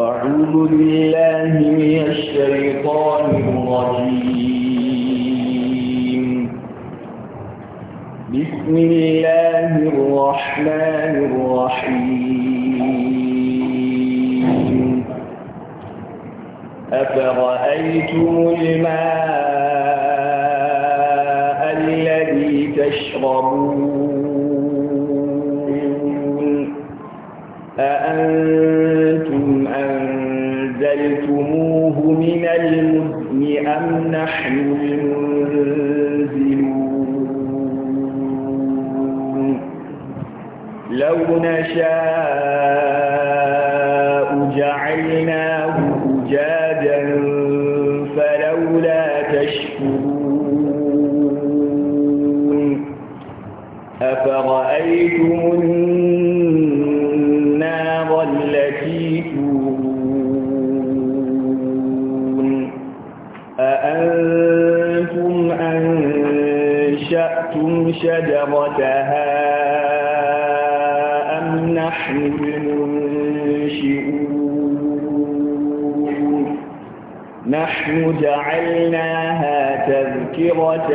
أعوذ بالله من الشيطان الرجيم بسم الله الرحمن الرحيم أفرأيتم الماء الذي تشربون أأنتم نحن منزلون لو نشاء نحن جعلناها تذكرة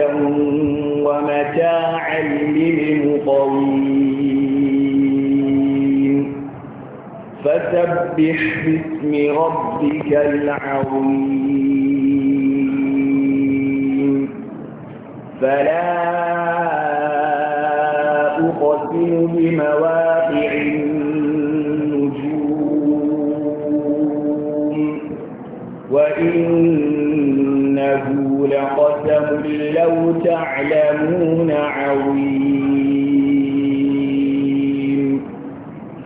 ومتاعا للمقوين فسبح باسم ربك العظيم فلا أقسم بمواقع وإنه لقسم لو تعلمون عظيم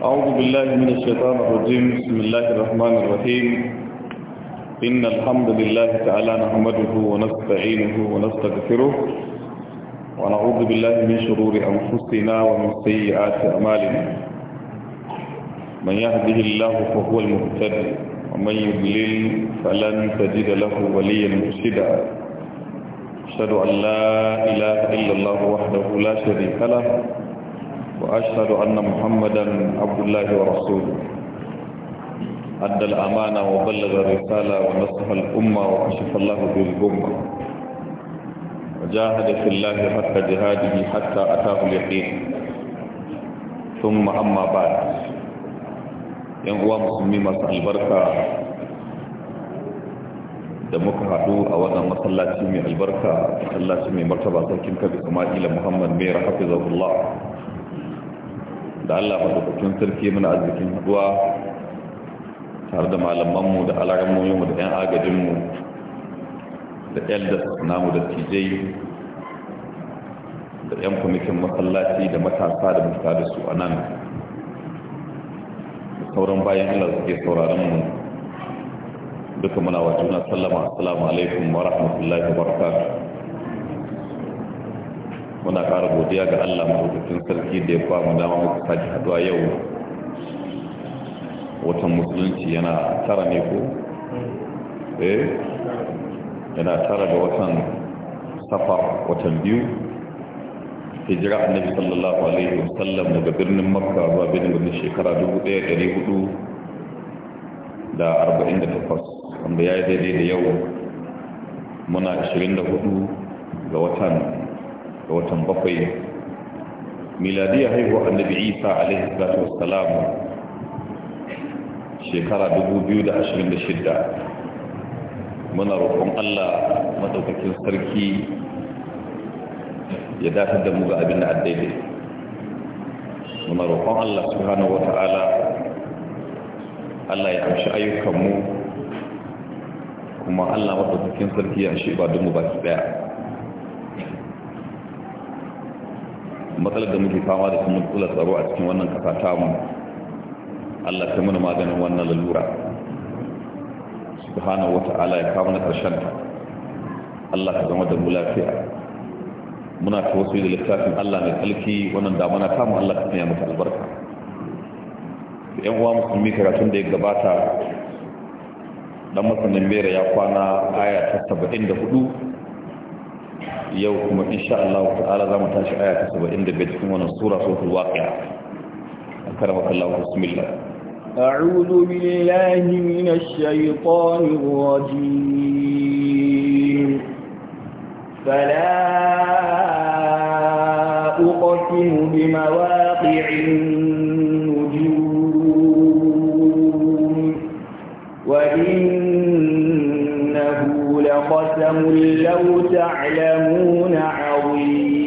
أعوذ بالله من الشيطان الرجيم بسم الله الرحمن الرحيم إن الحمد لله تعالى نحمده ونستعينه ونستغفره ونعوذ بالله من شرور أنفسنا ومن سيئات أعمالنا من يهده الله فهو المهتد ومن يضلل فلن تجد له وليا مرشدا أشهد أن لا إله إلا الله وحده لا شريك له وأشهد أن محمدا عبد الله ورسوله أدى الأمانة وبلغ الرسالة ونصح الأمة وكشف الله به الأمة وجاهد في الله حق جهاده حتى أتاه اليقين ثم أما بعد ينقوى مسلمين مسأل البركة da muka haɗu a wannan masallaci mai albarka masallaci mai martaba sarkin kabi ismaila muhammad mai rahafi zaɓullah da allah maɗaukakin sarki muna arzikin haɗuwa tare da malamanmu da alarammoyinmu da 'yan agajinmu da eldas namu da tijai da 'yan kwamitin masallaci da matasa da musta da su a nan sauran bayan allah suke sauraron mu duka muna wa juna sallama assalamu alaikum wa rahmatullahi wa barakatuh muna ƙara godiya ga Allah madaukakin sarki da ya mu dama muka saki haɗuwa yau watan musulunci yana tara ne ko eh yana tara ga watan safa watan biyu hijira annabi sallallahu alaihi wa sallam daga birnin makka zuwa birnin shekara 1448 wanda ya yi daidai da yau muna 24 ga watan ga watan bakwai miladiyya haihuwa annabi isa alaihi salatu wassalam shekara 2026 muna roƙon allah maɗaukakin sarki ya datar da mu ga abin da addaidai muna roƙon allah subhanahu wa ta'ala allah ya amshi ayyukanmu kuma Allah cikin sarki ya shi ba don mu baki daya matsalar da muke fama da kuma matsalar tsaro a cikin wannan kasa mu. Allah ta mana maganin wannan lalura wa ta'ala ya kawo na karshen ta. Allah ka zama da mu lafiya muna ta wasu da littafin Allah mai tsalki wannan damana tamu Allah ka tsaya mata albarka yan uwa musulmi karatun da ya gabata dan masanin mera ya kwana aya ta 74 yau kuma insha Allah ta'ala za mu tashi aya ta saba'in cikin wannan sura suratul waqi'a akarmaka Allah bismillah a'udhu billahi minash shaitanir rajim fala uqsimu بمواقع لقسم لو تعلمون عظيم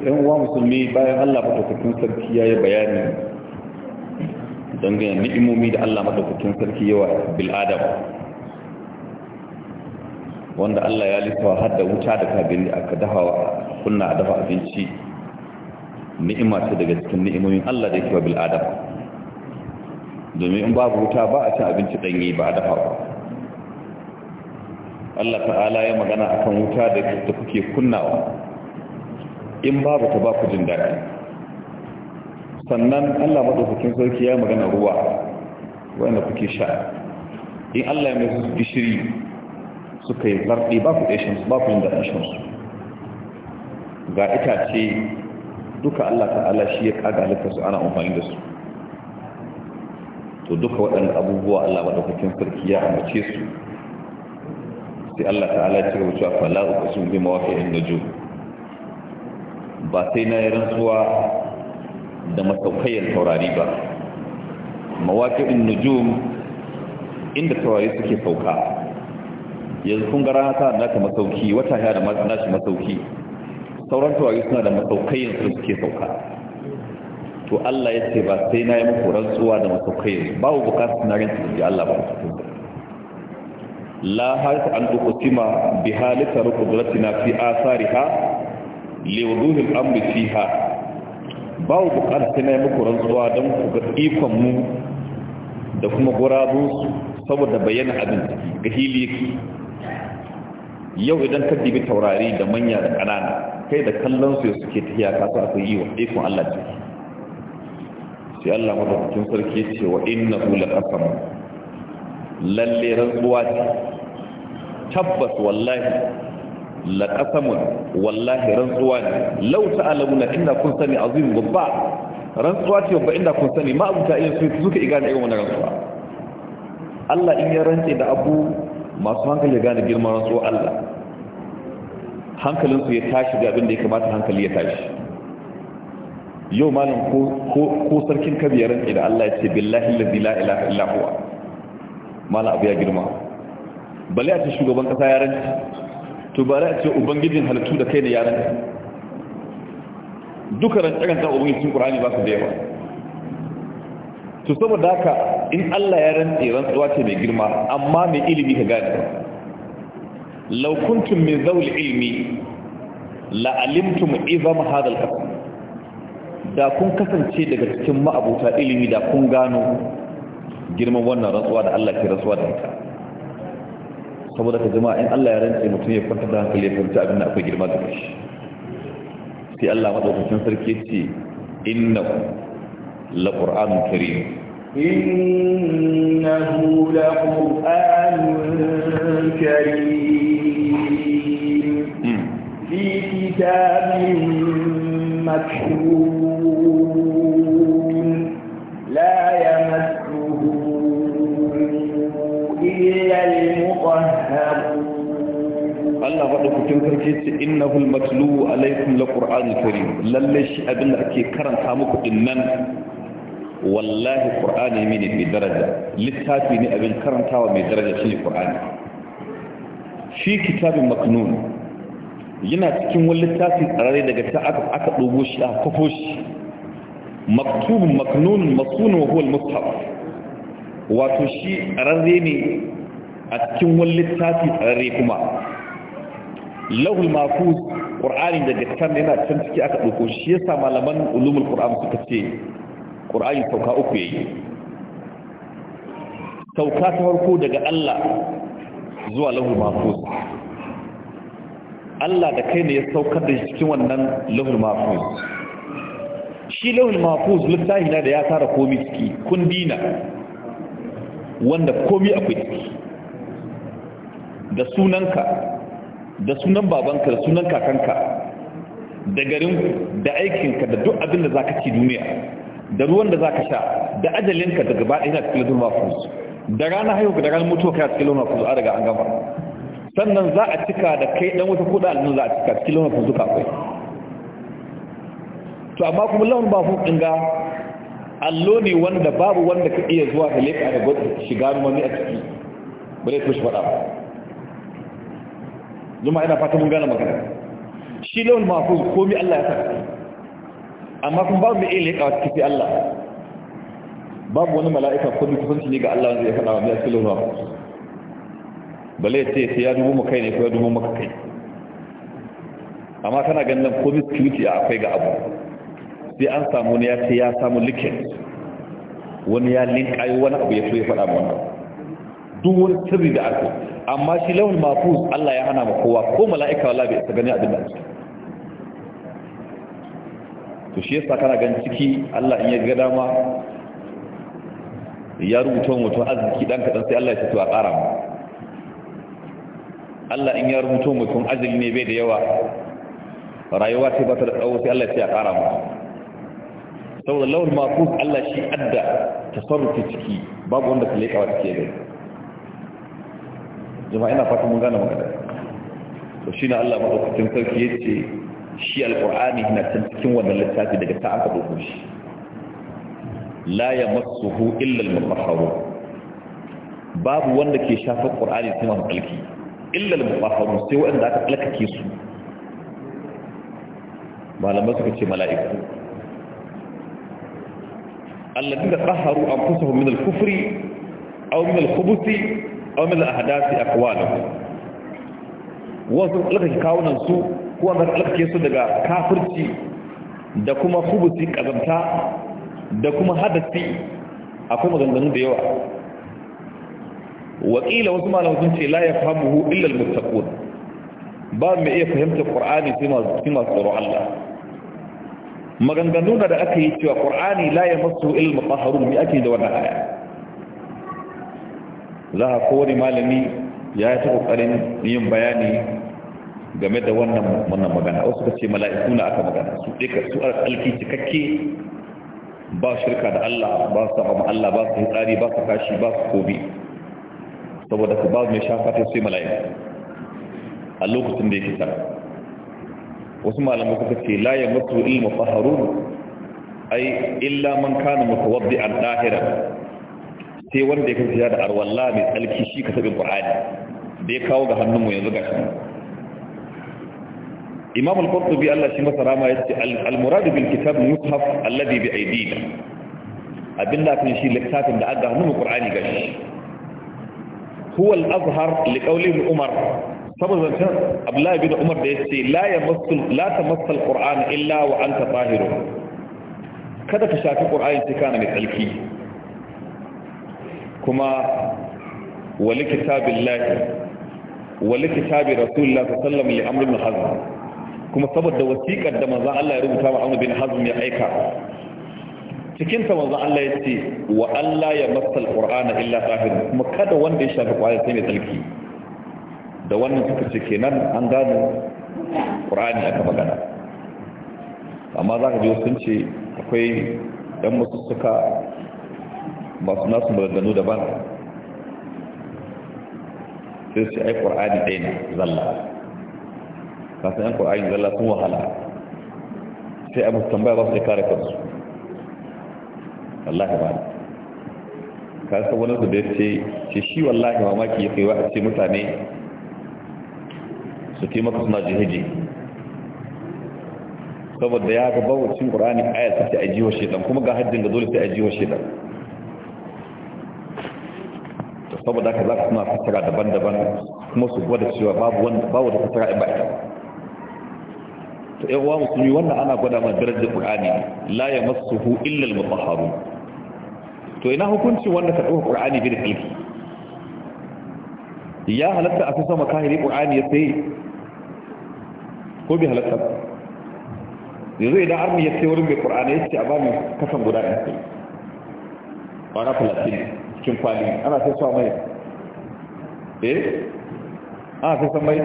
yan uwa musulmi bayan Allah madaukakin sarki ya yi bayani dangane ni'imomi da Allah madaukakin sarki yawa bil wanda Allah ya lissawa har wuta da kabin aka kunna a dafa abinci daga cikin ni'imomin Allah da yake wa bil adam domin in babu wuta ba a cin abinci danye ba a dafa ba Allah ta'ala ya magana a kan wuta da da kuke kunnawa in babu ta ba ku jin daɗi sannan Allah madaukakin sarki ya magana ruwa wanda kuke sha in Allah ya mai su gishiri suka yi zarɗi ba ku ɗashin su ba ku jin daɗin shan su ga itace duka Allah ta'ala shi ya kaga halitta su ana amfani da su to duka waɗanda abubuwa Allah madaukakin sarki ya amince su sai Allah ta'ala ya cigaba cewa fala uqsimu bi mawaqi'in nujum ba sai na yi rantsuwa da masaukayyar taurari ba Mawaƙa mawaqi'in nujum inda taurari suke sauka yanzu kun ga rana ta naka masauki wata ya da nashi masauki sauran taurari suna da masaukayyar su suke sauka to Allah ya ce ba sai na yi muku rantsuwa da masaukayyar babu bukatar na rinsu da Allah ba ta la harta an tuqsima bi halika qudratina fi athariha li wuduhi al-amri fiha bawo bukatar sai na yi muku rantsuwa don ku ga ikon mu da kuma gurabun saboda bayyana abin ga hili yau idan ka dibi taurari da manya da ƙanana kai da kallon su suke tafiya kasu akwai yi wa ikon Allah ce sai Allah madaukakin sarki ya ce wa innahu laqasam lalle rantsuwa ce tabbas wallahi la qasamun wallahi rantsuwa ne law ta'lamuna inna kun sani azim babba rantsuwa ce babba inda kun sani ma abu ta iya su suka igana irin wannan rantsuwa Allah in ya rantse da abu masu hankali ya gane girman rantsuwa Allah hankalinsu ya tashi ga abin da ya kamata hankali ya tashi yau malam ko sarkin ya kabiyaran da Allah ya ce billahi la ilaha illa huwa malam abu ya girma bale a ce shugaban kasa yaren to bale a ce ubangijin halittu da kai ne Duka ranci duka rantsaranta ubangijin ƙur'ani ba su da yawa to saboda haka in Allah ya rantse rantsuwa ce mai girma amma mai ilimi ka gane law kuntum min zawl ilmi la alimtum idham da kun kasance daga cikin ma'abuta ilimi da kun gano girman wannan rantsuwa da Allah ke rantsuwa da ita saboda ka jama'a in Allah ya rantse mutum ya kwanta da hankali ya kwanta abin da akwai girma da shi sai Allah madaukakin sarki ce innahu la qur'anun karim innahu la qur'anun karim hmm. fi kitabin makhun la yamas Allah faɗi maɗaukakin sarki ce innahul matlu alaikum la qur'anul karim lalle shi abinda ake karanta muku din nan wallahi qur'ani ne mai daraja littafi ne abin karantawa mai daraja shine qur'ani shi kitabin maknun yana cikin wani littafi tsarare daga ta aka aka dogo shi aka kafo shi maktubun maknun masunun wa huwa al-mushaf wato shi tsarare ne a cikin wani littafi tsarare kuma lahul mafuz qur'ani da dukkan yana can ciki aka dauko shi yasa malaman ulumul qur'an suka ce qur'ani sauka uku yayi sauka ta farko daga Allah zuwa lahul mafuz Allah da kai ne ya saukar da cikin wannan lahul mafuz shi lahul mafuz littafi na da ya tara komi ciki kun dina, wanda komi akwai ciki da sunanka da sunan babanka da sunan kakanka da garin da aikinka da duk abin da za ka ci duniya da ruwan da za ka sha da ajalinka da gaba ɗaya na cikin lardun mafus da rana haihu da ranar mutuwa kai a cikin lardun mafus a daga an gama sannan za a cika da kai ɗan wata kuɗa aljanna za a cika cikin lardun mafus duka akwai to amma kuma lardun mafus ɗin ga allo ne wanda babu wanda ka iya zuwa ka leka da shiga numami a ciki ba zai tushe faɗa ba zuma ina fata mun gane magana shi lawan ko komi Allah ya saka amma kun babu mai ilika wa kifi Allah babu wani mala'ika ko duk sun ne ga Allah wanda ya faɗa wa mai lawan mahfuz bale ce sai ya dubo kai ne ko ya dubo maka kai amma kana ganin komai security akwai ga abu sai an samu ne ya ce ya samu likin wani ya linkayi wani abu ya so ya faɗa wannan duk wani sirri da arziki amma shi lawan mafus Allah ya hana ma kowa ko mala'ika wala bai isa gani abin da ake to shi yasa kana gan ciki Allah in ya ga dama ya rubuta mutum arziki dan kaɗan sai Allah ya ce to a ƙara mu Allah in ya rubuta mutum arziki ne bai da yawa rayuwa ce ba ta da tsawo sai Allah ya ce a ƙara mu saboda lawan mafus Allah shi adda tasarrufi ciki babu wanda ta lekawa ciki ya gani jama'a ina fatan mun gane magana to shine Allah madaukakin sarki yace shi alqur'ani yana can cikin wannan littafi daga ta aka dauko shi la yamassuhu illa al-mutahharun babu wanda ke shafar qur'ani sai masu alki illa al-mutahharun sai wanda aka alkake su malamai suka ce mala'iku alladina taharu anfusahum min al-kufri aw min al-khubuthi aw min al-ahdasi aqwaluhum wasu alkaki kawunan su ko an alkake su daga kafirci da kuma hubuti kazanta da kuma hadasi akwai maganganu da yawa wakila wasu malam sun ce la yafhamuhu illal al ba mai iya fahimtar qur'ani sai masu sai tsoro Allah maganganu da aka yi cewa qur'ani la masu illa al-mutahharun me ake da wannan aya za a kowane malami ya yi ta ƙoƙarin yin bayani game da wannan wannan magana wasu ka ce mala'iku na aka magana su ɗeka su a alki cikakke ba shirka da Allah ba su haɓa Allah ba su hitsari ba su kashi ba su kobi saboda ka ba mai shafa ta sai mala'iku a lokacin da ya fita wasu malamai suka ce la ya mutu ilmu faharun ai illa man kana mutawaddi an dahiran sai wanda ya kasance da arwalla mai tsalki shi ka sabin qur'ani da ya kawo ga hannun mu yanzu gashi imam al-qurtubi Allah shi masa rama yace al-murad bil kitab mushaf alladhi bi aydina abinda kan shi littafin da aka hannun mu qur'ani gashi huwa al-azhar li qawli umar saboda zancen abdullahi bin umar da ya ce la ta al ƙur'an illa wa an ta tahiru kada ka shafi ƙur'ani sai kana mai tsalki kuma wali kitabin lahi wali kitabin rasulullah ta sallama li kuma saboda wasiƙar da manzan Allah ya rubuta wa bin hazm ya aika cikinta manzan Allah ya ce wa Allah ya masal qur'ana illa tahir kuma kada wanda ya shafi ƙwayar sai mai tsarki da wannan suka ce kenan an gano ƙur'ani aka magana amma za ka ji sun ce akwai ɗan masu suka masu nasu maganganu daban sai su ai ƙwar'ani ɗaya ne zalla kasan yan ƙwar'ani zalla sun wahala sai a musu tambaya ba su da kare kansu wallahi ba ka kasan wani su da ya ce shi wallahi mamaki ya kai wa a ce mutane su taimaka suna jihaji. saboda ya ga cikin ƙur'ani ayat ta ce a jiwa shedan kuma ga haddin da dole sai a jiwa shedan saboda haka za ka suna fasara daban-daban kuma su gwada cewa babu wanda babu da fasara in ba ita to ɗan uwa musulmi wannan ana gwada mana darajar qur'ani la yamassuhu illa al mutahharu to ina hukunci wanda ka dauka qur'ani bi da kalki ya halatta a kusa makahiri qur'ani ya sai ko bi halatta yanzu idan armi ya sai wurin mai qur'ani ya ce a ba mu kasan guda ɗaya sai ƙwara talatin cikin kwali ana sai sa mai eh ana sai sa mai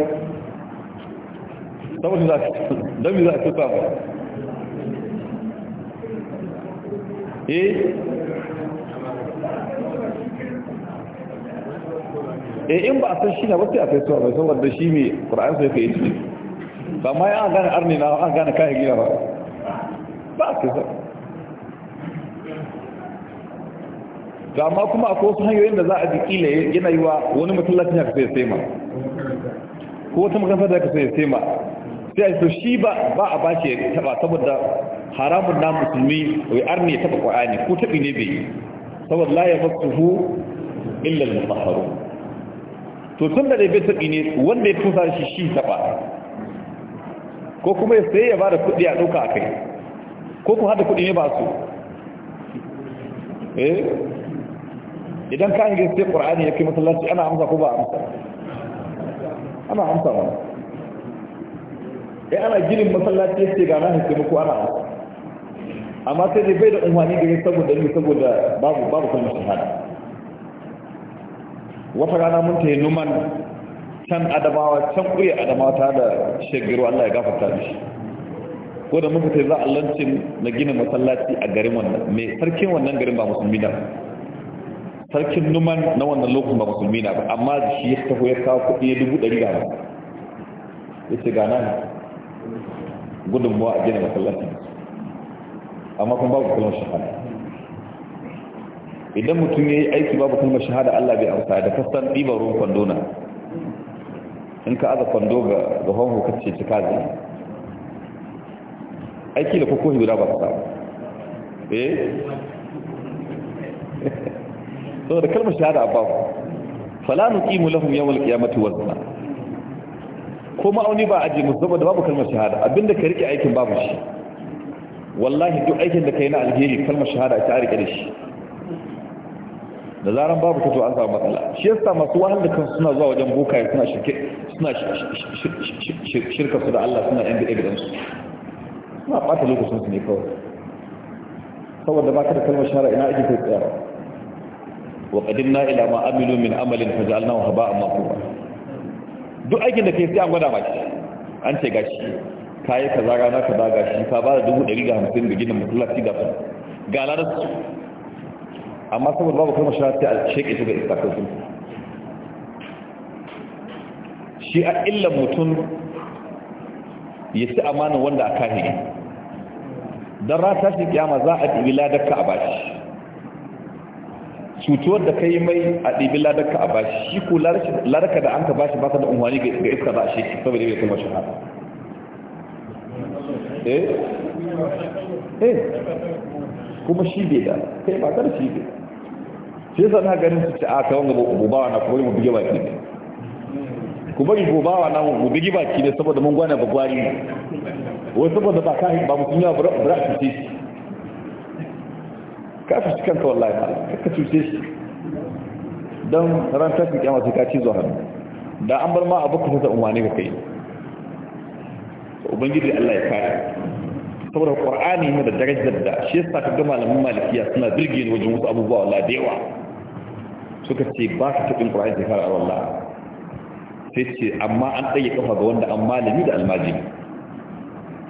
saboda za su dami za su sa mai eh eh in ba a san shi na wasu a sai sa mai saboda shi mai ƙura'ansa ya kai ciki ba ma an gane arni na an gane kayan gina ba ba a sai sa ga ma kuma akwai wasu hanyoyin da za a ji kila yana yi wa wani masallacin haka sai ya sai ma ko wata makasar da haka sai ya sai ma sai a so shi ba ba a bashi ya taba saboda haramun na musulmi wai arni ya taba ne ko taɓi ne bai saboda la hu illa da mutahharun to tun da dai bai taɓi ne wanda ya tusa shi shi taba ko kuma ya sai ya da kuɗi a ɗauka a kai ko ku hada kuɗi ne ba su eh idan ka yi sai ƙur'ani ya kai masallaci ana amsa ko ba amsa ana amsa ba ya eh, ana ginin masallaci ya ce gana hake muku ana amsa amma sai dai bai da umarni gari saboda ne saboda babu babu kalmar hada wata rana mun ta yi numan can adamawa can ƙuya adamawa ta da shagiru allah ya gafarta da shi ko da muka ta yi za a lancin na gina masallaci a garin wannan mai sarkin wannan garin ba musulmi da sarkin numan na wannan lokacin ba musulmi na ba amma da shi ya taho ya kawo kudi ya dubu ɗari gama ya ce gana ne gudunmuwa a gina masallaci amma kuma babu kalmar shahada idan mutum ya yi aiki babu kalmar shahada allah bai amsa da kasan ɗibar ruwan kwando na in ka aza kwando ga gahon hukace cika zai aiki da kuka guda ba ka eh saboda kalmar shahada a babu fala nuqimu lahum yawmal qiyamati wazna ko ma'auni ba aje musu saboda babu kalmar shahada abinda ka rike aikin babu shi wallahi duk aikin da kai na alheri kalmar shahada ita rike da shi da zaran babu ta to an samu matsala shi yasa masu wahal da kansu suna zuwa wajen bokaye suna shirke suna shirka su da Allah suna yan bid'a gidan su suna bata lokacin su ne kawai saboda baka da kalmar shahada ina ake kai tsaya wa qadimna ila ma amilu min amalin fajalnahu haba'an mansura duk aikin da kai sai an gwada maki an ce gashi kayi kaza ka kaza gashi ka ba da dubu ɗari da hamsin ga gidan masallaci da su ga lanar su amma saboda babu kuma shara sai a sheke shi ga iskakokin shi a illa mutum ya ci amanin wanda a kahiri don rata shi kiyama za a ɗibi ladarka a bashi cutuwar da ka yi mai a ɗibi ladarka a bashi shi ko ladarka da an ka bashi ba ta da umarni ga iska za a shi saboda bai kuma haka. eh eh kuma shi bai da kai ba kar shi bai shi yasa na ganin su ci a ta wanga bubawa na kuma mu bige baki ne ku bari bubawa na mu bige baki ne saboda mun gwana ba gwari ne wai saboda ba yi ba mutum yawa bura bura su ka fi cikin ka wallahi ba ka cuce shi don ran tafi kyamar sai ka ci zuwa hannu da an bar ma abu ka sata umarni ka kai ubangiji allah ya kare saboda qur'ani ne da darajar da shi yasa ka ga malamin malikiya suna birge ne wajen wasu abubuwa wallahi da yawa suka ce ba ka tafi qur'ani sai fara wallahi sai ce amma an tsaye kafa ga wanda an malami da almajiri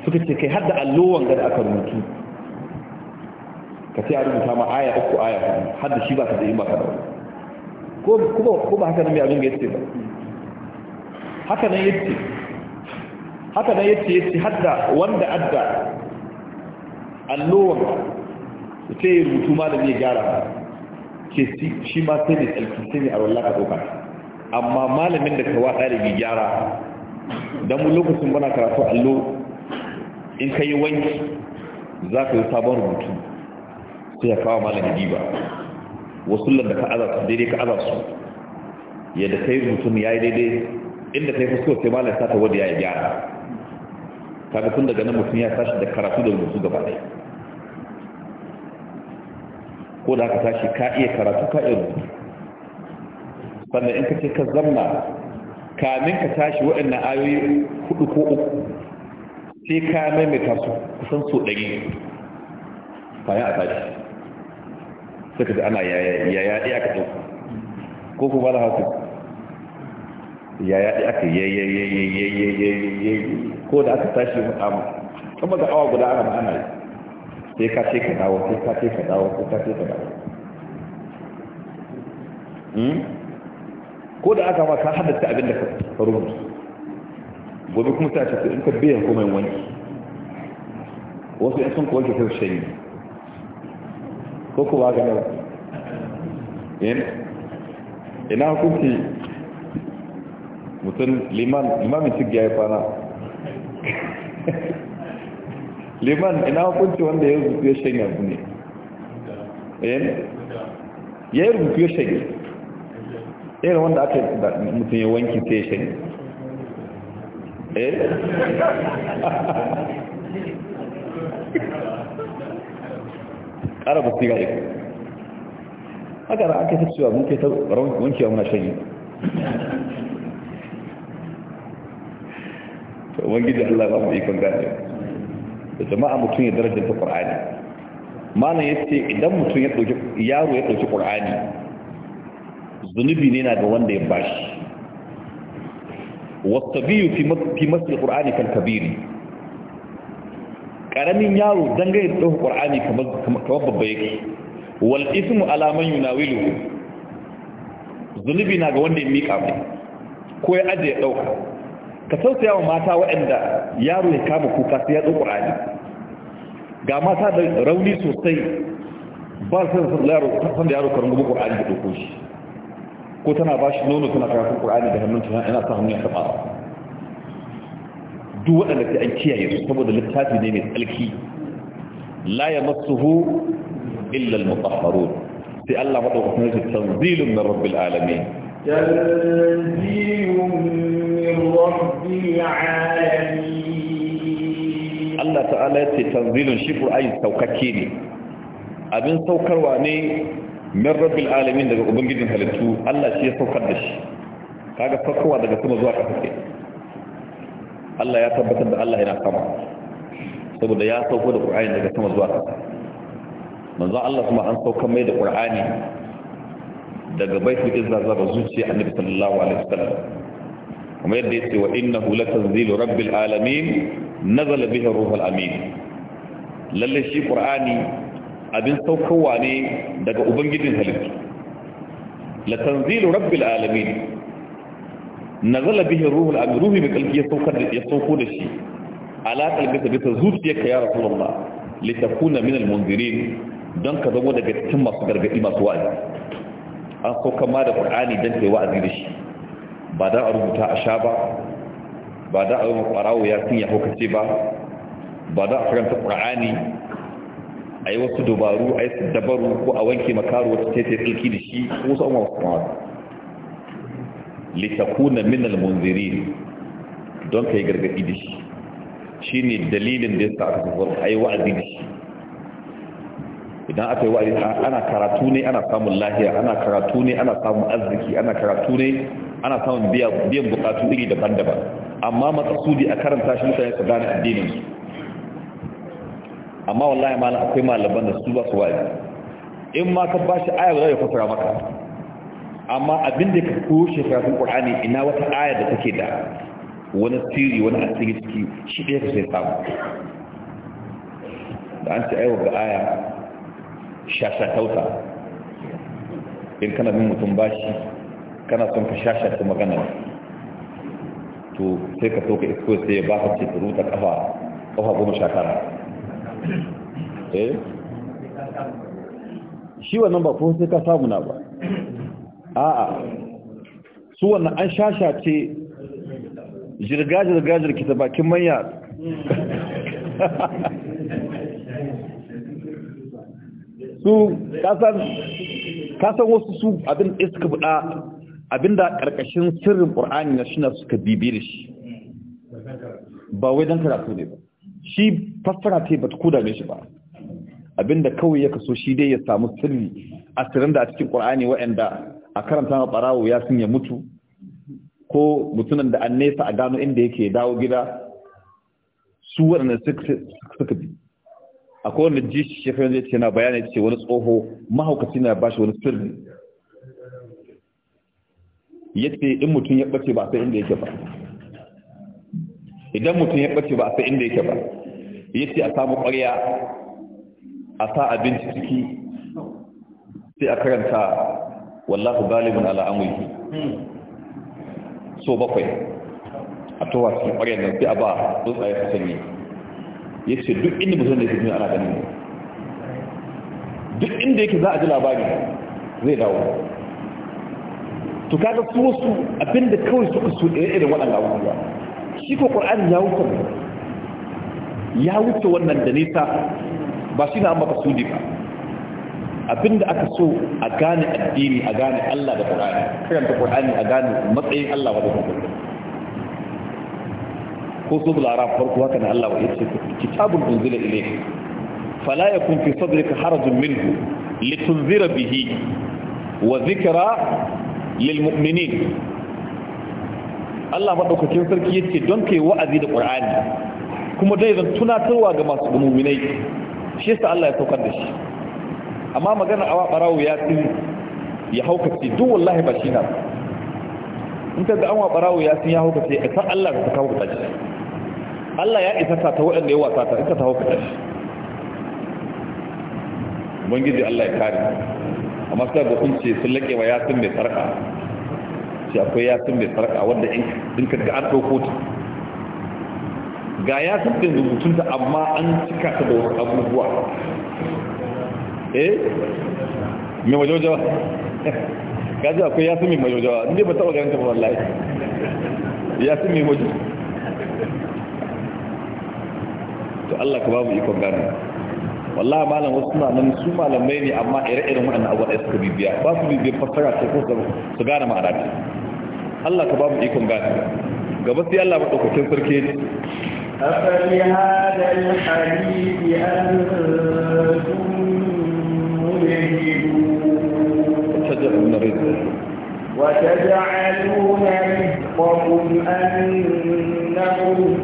suka ce kai hadda allowan gada aka rubutu ka ce a rubuta ma aya uku aya har da shi ba ka da yi ba ka da ko ba haka nan mai abin da ya ce ba haka nan yace haka nan yace yace hadda wanda adda allowar ce ya rubutu ma da zai gyara ke shi ma sai da tsarki sai ne a wallah ka doka amma malamin da ka wa bai gyara don mu lokacin bana karatu allo in ka yi wanki za ka yi sabon rubutu sai ya kawo malam diba wasu da ka azar su daidai ka azar su yadda kai mutum ya yi daidai inda kai fusko sai malam sata ta wadda ya yi gyara ga tun daga nan mutum ya tashi da karatu da rubutu gaba ɗaya ko da aka tashi ka iya karatu ka iya rubutu sannan in ka ce ka zamna kamin ka tashi waɗannan ayoyi hudu ko uku sai ka maimaita su kusan so ɗari bayan a tashi suka ji ana yaya aka ɗauka ko kuma da haka yaya aka yayyayyayyayyayyayyayyayi ko da aka da hmm? ko da aka da ko ku ba ga yawa ina hukunci mutum liman limamin cikin ya yi kwana liman ina hukunci wanda ya rubutu ya shanya abu ne ya yi rubutu ya shanya irin wanda aka yi mutum ya wanki sai ya shanya eh ƙara basira iku haka da aka fi cewa mun ke ta wankewa muna shanyi ubangiji Allah ba mu ikon gane da jama'a mutum ya darajar ta Qur'ani mana yace idan mutum ya dauki yaro ya dauki Qur'ani zunubi ne na ga wanda ya bashi wasabiyu fi fi masal Qur'ani kal kabiri karamin yaro dangane da ɗauka ƙwar'ani kamar babba yake wal ismu alaman yunawilu zunubi na ga wanda ya miƙa mai ko ya aje ya ɗauka ka sautaya wa mata waɗanda yaro ya kama kuka sai ya ɗauka ƙwar'ani ga mata da rauni sosai ba su san da yaro karin gaba ƙwar'ani da ɗauko shi ko tana ba shi nono tana karatun ƙwar'ani da hannun ina yana sa hannun ya kama duk waɗanda sai an kiyaye su saboda littafi ne mai tsalki la ya masuhu illal al sai Allah madaukakin sarki tanzilun min rabbil alamin tanzilun min rabbil alamin Allah ta'ala ya ce tanzilun shi Qur'ani saukake ne abin saukarwa ne min rabbil alamin daga ubangijin halittu Allah shi ya saukar da shi kaga saukowa daga sama zuwa ƙasa Allah ya tabbatar da Allah yana sama saboda ya sauko da Qur'ani daga sama zuwa ƙasa manzo Allah kuma an sauka mai da Qur'ani daga baitul izza zuwa zuciya Annabi sallallahu alaihi wasallam kuma yadda yace wa innahu latanzilu rabbil alamin nazala bihi ruhul amin lalle shi Qur'ani abin saukowa ne daga ubangijin halittu latanzilu rabbil alamin nazala ruhu ruhul amin ruhi mai kalki ya da sauko da shi ala kalbisa bisa zuciyarka ya rasulullah litakuna min almunzirin don ka zama daga cikin masu gargadi masu wa'azi an sauka ma da qur'ani don yi wa'azi da shi ba da a rubuta a sha ba ba da a ƙwarawo ya sun ya haukace ba ba da a karanta ƙur'ani a yi wasu dabaru a yi dabaru ko a wanke makaru wata tete tsirki da shi ko wasu litakuna min almunzirin don kai gargadi da shi shine dalilin da yasa aka zo ai wa'azi da shi idan aka yi wa'azi ana karatu ne ana samun lahiya ana karatu ne ana samun arziki ana karatu ne ana samun biyan bukatu iri daban-daban amma matsasudi a karanta shi mutane su gane addinin su amma wallahi malam akwai malaman da su ba su wa'azi in ma ka bashi aya ba za ya fasara maka amma abin da ka kushe karatun ƙulani ina wata aya da take da wani sirri wani asiri ciki shi ɗaya ka sai samu da an ce aiwa ga aya shasha tauta in kana bin mutum bashi kana son ka shasha ta magana to sai ka toka isko sai ba ka ce ruta kafa kafa goma sha tara eh shi wannan ba ko sai ka samu na ba a'a su wannan an shashace jirga-jirga ki ta bakin manya su kasan wasu su abin iska buɗa da ƙarƙashin sirrin ƙur'ani na shi na suka bibiri shi ba wai don karatu ne ba shi fassara ta ba ta kuda shi ba abinda kawai ya kaso shi dai ya samu sirri a sirrin da a cikin ƙur'ani wa'anda a karanta ma barawo ya sun ya mutu ko mutunan da an nesa a gano inda yake dawo gida su waɗanda suka bi a kowane ji shekaru zai ce na bayanai ce wani tsoho mahaukaci na ba shi wani sirri ya ce in mutum ya ɓace ba a sai inda yake ba idan mutum ya ɓace ba a sai inda yake ba ya ce a samu ƙwarya a sa abinci ciki sai a karanta wallahu galibin ala amrihi so bakwai a towa su ƙwaryar da sai a ba tsaye su sanye ya ce duk inda mutum da ya fi ana ganin duk inda yake za a ji labari zai dawo to kaga su wasu abinda kawai suka su ɗaya irin waɗanda abubuwa shi ko ƙwar'an ya wuce ya wuce wannan da nisa ba shi na an maka sudi ba abinda aka so a gane addini a gane Allah da Qur'ani karanta Qur'ani a gane matsayin Allah wa da Qur'ani ko su arab farko haka na Allah wa yace kitabun unzila ilayka fala yakun fi sadrika harajun minhu litunzira bihi wa dhikra lilmu'minin Allah madaukakin sarki yace don kai wa'azi da Qur'ani kuma dai zan tunatarwa ga masu mu'minai shi yasa Allah ya saukar da shi amma magana awa barawo ya tsin ya haukace duk wallahi ba shi na ba, in ka ga anwa barawo ya tsin ya haukace a san Allah ka ta haukace shi Allah ya isa ta ta waɗanda ya wasa ta ita ta haukace shi ubangiji Allah ya kare amma sai ga kun ce sun lake wa tsin mai sarka shi akwai tsin mai sarka wanda in ka ga an ɗauko ta ga tsin din rubutunta amma an cika ta da wasu abubuwa eh me majojawa gaji akwai ya su mai majojawa inda ba taɓa ganin taɓa wallahi ya su mai majo to Allah ka babu ikon gane wallahi malam wasu suna nan su malamai ne amma ire-iren waɗannan abuwa da suka bibiya ba su bibiya fassara ce ko su gane ma'ana ce Allah ka babu ikon gane gaba sai Allah maɗaukakin sarki ne أفبهذا الحديث أنتم تجعلون رزقكم وتجعلون رزقكم أنكم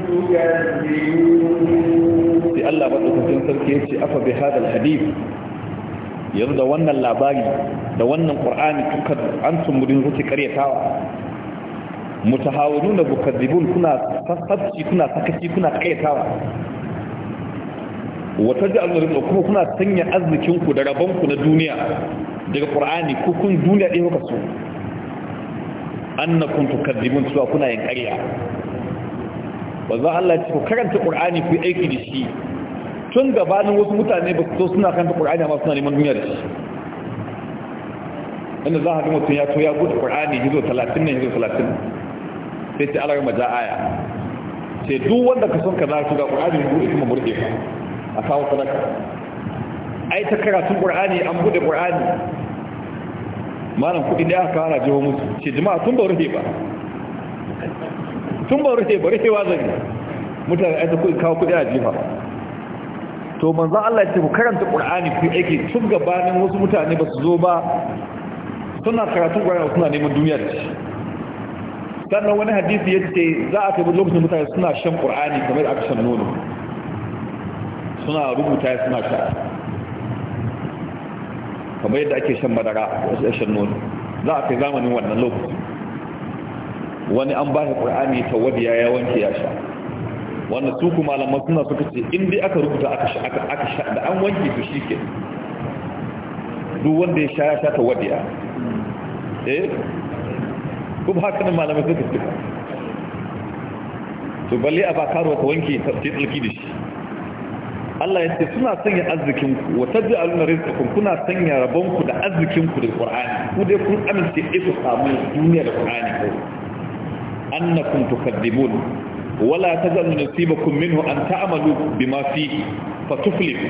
تكذبون في الله بدكم تنسل أفا بهذا الحديث yanzu da wannan labari da wannan ƙur'ani kuka an tumburin zuci karyatawa mutahawununa bukadibun kuna sassaci kuna sakaci kuna karyatawa wata ji da kuma kuna sanya arzikinku da rabonku na duniya daga ƙur'ani ko kun duniya ɗaya kuka so annakum tukadzibun cewa kuna yin ƙarya ba za Allah ya ce ku karanta Qur'ani ku aiki da shi tun gabanin wasu mutane ba su suna karanta Qur'ani amma suna neman duniya da shi inda za ka ga mutum ya to ya gudu Qur'ani hizo 30 ne hizo 30 sai ta alarma maja aya sai duk wanda ka son ka za ka ga Qur'ani mu gudu mu burge ka a kawo sadaka ai ta karatun ƙur'ani an bude ƙur'ani. malam kuɗi da aka fara jiwo musu ce jama'a tun ba rufe ba tun ba rufe ba wa zai mutane ai ta kuɗi kawo kuɗi a jifa to manzo Allah ya ce ku karanta ƙur'ani ku aiki tun gabanin wasu mutane ba su zo ba suna karatun ƙur'ani suna neman duniya da shi sannan wani hadisi ya ce za a kai lokacin mutane suna shan ƙur'ani kamar aka shan nono suna rubuta ya suna sha kamar yadda ake shan madara wasu yashin nono za a kai zamanin wannan lokaci wani an ba shi ƙur'ani ta wadiya ya wanke ya sha wannan su kuma lamar suna suka ce in dai aka rubuta aka sha da an wanke to shi ke duk wanda ya sha ya sha ta ya eh kuma haka nan malamai suka ce to balle a ba karuwa ta wanke ta tsilki da shi Allah ya ce suna sanya arzikinku wa taj'aluna rizqakum kuna sanya rabon ku da arzikinku da Qur'ani ku dai kun amince ku samu duniya da Qur'ani ko annakum tukadibun wala tazalu nasibakum minhu an ta'malu bima fihi fatuflihu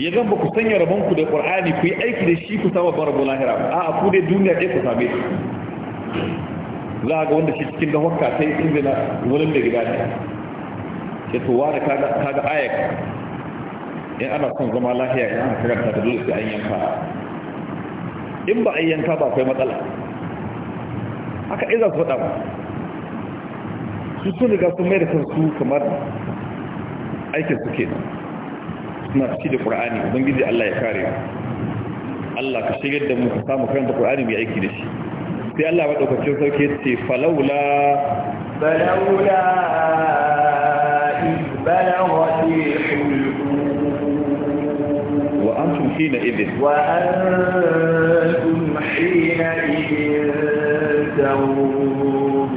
ya zan ba ku sanya rabon ku da Qur'ani ku yi aiki da shi ku saba barabu lahira a ku dai duniya dai ku same za ga wanda shi cikin da hokka sai inzina wurin da gida ne ya to wani kaga ayaka in ana son zama lahiya kan ana karanta da dole sai an yanka in ba an yanka ba kai matsala haka idan su faɗa su sun riga sun mai da kansu kamar aikin su ke suna ci da ƙura'ani ubangiji allah ya kare allah ka shigar da mu ka samu karanta Qur'ani mai aiki da shi sai allah maɗaukacin sauke ce Falawla. falaula بلغت الحلقوم وأنتم حينئذ وأنتم حينئذ تنظرون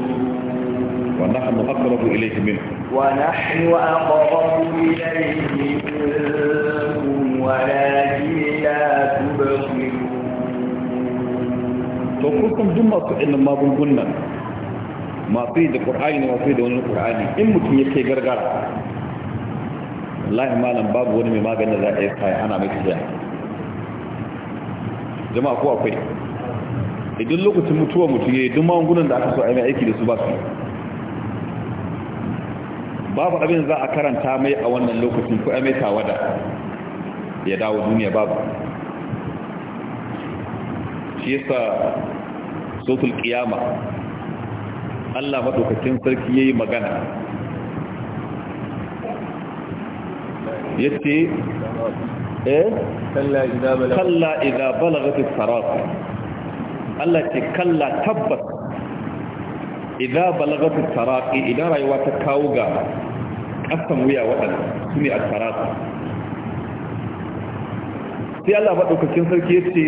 ونحن أقرب إليه منه ونحن أقرب إليه منكم ولكن لا تبصرون توقفكم جمعة إن ما بنقلنا ما في القرآن وما في دون القرآن إن متن يكي غرغر wallahi malam babu wani mai maganin da za a yi kaya ana mai tafiya jama'a ko akwai idan lokacin mutuwa mutu ya yi duk magungunan da aka so a yi aiki da su ba su babu abin za a karanta mai a wannan lokacin ko a mai tawada ya dawo duniya babu shi yasa sotul kiyama Allah madaukakin sarki ya yi magana yace eh kalla idza balagha kalla idza balagha as-saraq Allah ce kalla tabbas idza balagha as-saraq idan rayuwa ta kawo ga kasan wuya waɗannan su ne as-saraq sai Allah madaukakin sarki yace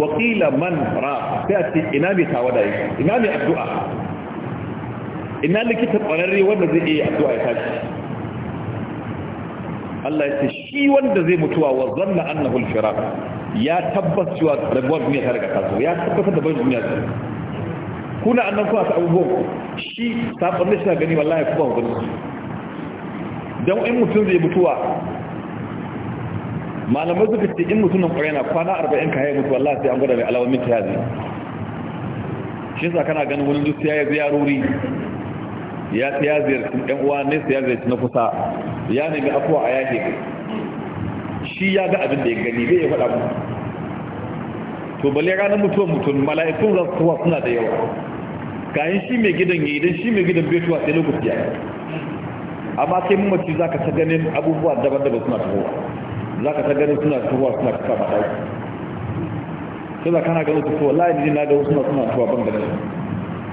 waƙila man ra sai a ce ina mai tawada yake ina mai addu'a ina likita ƙwararre wanda zai iya addu'a ya tashi Allah ya ce shi wanda zai mutuwa wa zanna annahu al-firaq ya tabbata cewa rabuwar duniya ta riga ta zo ya tabbata da bai duniya ta kuna annan ku ta abubuwan shi sabon da shi gani wallahi ku ba ku gani dan in mutum zai mutuwa malamai suka ce in mutumin kwarai na kwana 40 ka haye mutu wallahi sai an gwada mai alawamin ta yazi shi yasa kana ganin wani duk ya ziyarori ya ya ziyarci ɗan uwa ne ya ziyarci na kusa ya nemi afuwa a yake ne shi ya ga abin da ya gani bai ya faɗa mu to bale ranar mutuwar mutum mala'ikun rasuwa suna da yawa kayan shi mai gidan ya idan shi mai gidan betuwa sai lokaci ya amma sai mace za ka ta ganin abubuwa daban-daban suna tahowa za ka ta ganin suna tahowa suna kasa ba ɗauki sai za kana ganin su kowa layin na da wasu suna suna tuwa ban ganin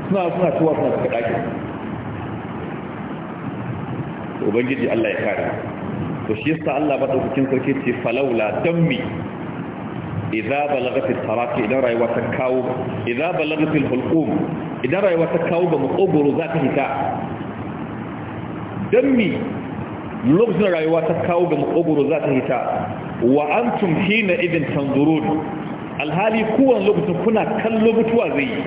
suna suna tuwa suna suka ɗakin. ubangiji Allah ya kare to shi yasa Allah ba daukakin sarki ce falaula dammi idza balagati taraki idan rayuwa ta kawo idza balagati alhulqum idan rayuwa ta kawo ga makogoro za ta hita dammi lokacin rayuwa ta kawo ga makogoro za ta hita wa antum hina idin tanzurun alhali kuwan lokacin kuna kallon mutuwa zai yi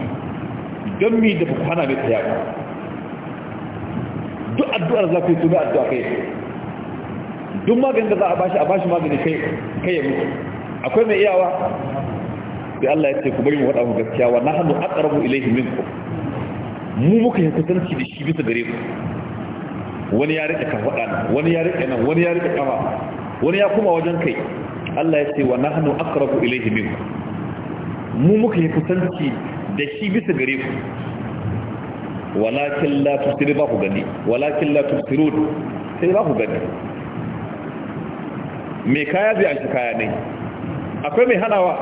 don mi da kwana mai tsaya duk addu'ar za ku yi tuni addu'a kai duk maganin da za a bashi a bashi magani kai kai ya mutu akwai mai iyawa sai Allah ya ce ku bari mu faɗa mu gaskiya wa nahnu aqrabu ilayhi minkum mu muka yi kusanci da shi bisa gare ku wani ya rike kafaɗa nan wani ya rike nan wani ya rike kama wani ya kuma wajen kai Allah ya ce wa nahnu aqrabu ilayhi minkum mu muka yi kusanci da shi bisa gare ku walakin la tusiru ba ku gani walakin la tusiru sai ba ku gani me kaya zai an shi kaya ne akwai mai hanawa